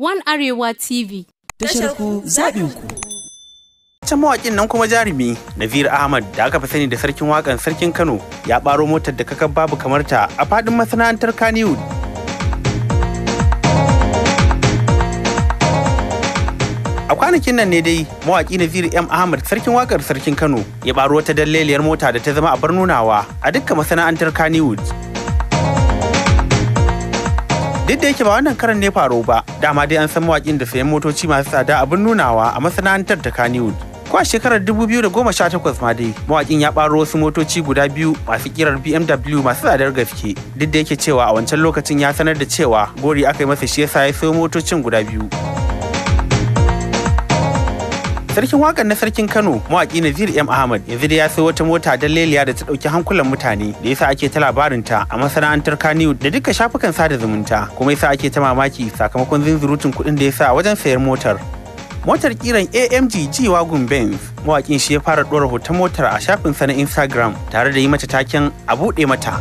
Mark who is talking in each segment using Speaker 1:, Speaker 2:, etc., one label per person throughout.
Speaker 1: One Arewa TV. Tashar ku zaɓin ku. Can mawaƙin nan kuma jarumi Nazir Ahmad da aka fi sani da sarkin waƙan sarkin Kano ya ɓaro motar da kakar babu kamarta a faɗin masana'antar Kannywood. A kwanakin nan ne dai mawaƙi Nazir M. Ahmad sarkin waƙar sarkin Kano ya ɓaro wata dalleliyar mota da ta zama a barnunawa a dukkan masana'antar Kannywood. duk da yake ba wannan karan ne faro ba dama dai an san mawakin da sayan motoci masu tsada abin nunawa a masana'antar ta kaniwood ko a shekarar 2018 ma dai mawakin ya ɓaro wasu motoci guda biyu masu kirar bmw masu tsadar gaske duk da yake cewa a wancan lokacin ya sanar da cewa gori aka yi masa shi yasa ya sayo motocin guda biyu Sarkin wakan na sarkin Kano mawaki Nazir M Ahmad yanzu da ya sayo wata mota don leliya da ta ɗauki hankulan mutane da yasa ake ta labarin ta a masana'antar Kaniyu da duka shafukan sada zumunta kuma yasa ake ta mamaki sakamakon zinzurutun kuɗin da yasa wajen sayar motar. Motar kiran AMG G Wagon Benz mawakin shi ya fara dora hoton motar a shafinsa na Instagram tare da yi mata taken a buɗe mata.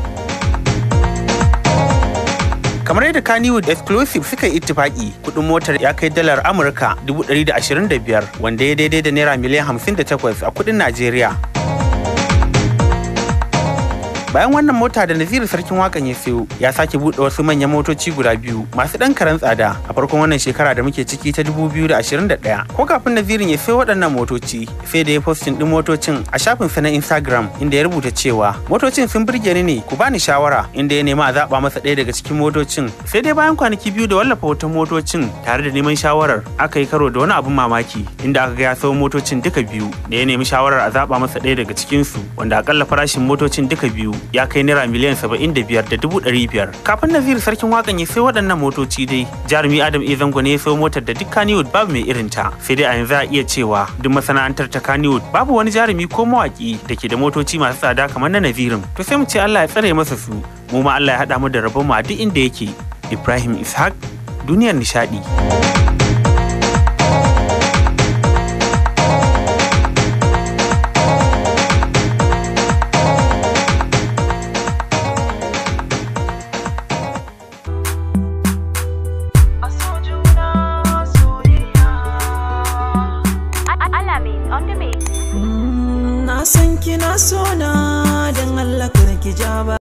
Speaker 1: kamar yadda Kannywood exclusive suka yi ittifaki kudin motar ya kai dalar amurka 125 wanda ya daidai da naira miliyan 58 a kudin najeriya bayan wannan mota da Naziru sarkin wakan ya sayo ya sake buɗe wasu manyan motoci guda biyu masu ɗan karen tsada a farkon wannan shekara da muke ciki ta 2021 ko kafin nazirin ya sayo waɗannan motoci sai da ya postin ɗin motocin a shafin sa na instagram inda ya rubuta cewa motocin sun burge ni ne ku bani shawara inda ya nema a zaɓa masa ɗaya daga cikin motocin sai dai bayan kwanaki biyu da wallafa wata motocin tare da neman shawarar aka yi karo da wani abin mamaki inda aka ga ya sayo motocin duka biyu da ya nemi shawarar a zaɓa masa ɗaya daga cikinsu wanda akalla farashin motocin duka biyu ya kai naira miliyan saba'in da biyar da dubu ɗari biyar kafin nazir sarkin wakan ya sai waɗannan motoci dai jarumi adam e zango ne ya sayo motar da duk Kannywood babu mai irin ta sai dai a yanzu a iya cewa duk masana'antar ta Kannywood. babu wani jarumi ko mawaƙi da ke da motoci masu tsada kamar na nazirin to sai mu ce allah ya tsare masa su mu ma allah ya haɗa mu da rabon mu a duk inda yake ibrahim ishaq duniyar nishaɗi. Mm, na san kina sona don Allah karki ja ba